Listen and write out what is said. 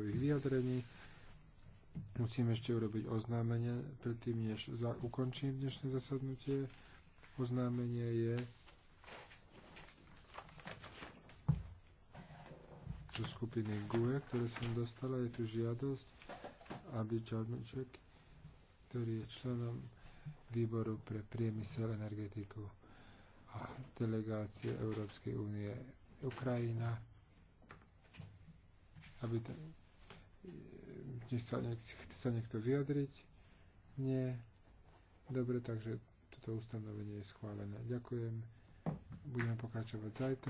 názorových vyjadrení. Musím ešte urobiť oznámenie, predtým než za, ukončím dnešné zasadnutie. Oznámenie je, zo skupiny GUE, ktoré som dostala, je tu žiadosť, aby Čarnoček, ktorý je členom výboru pre priemysel, energetiku a delegácie Európskej únie Ukrajina, aby ten sa, nech, chce sa niekto vyjadriť? Nie. Dobre, takže toto ustanovenie je schválené. Ďakujem. Budeme pokračovať zajtra.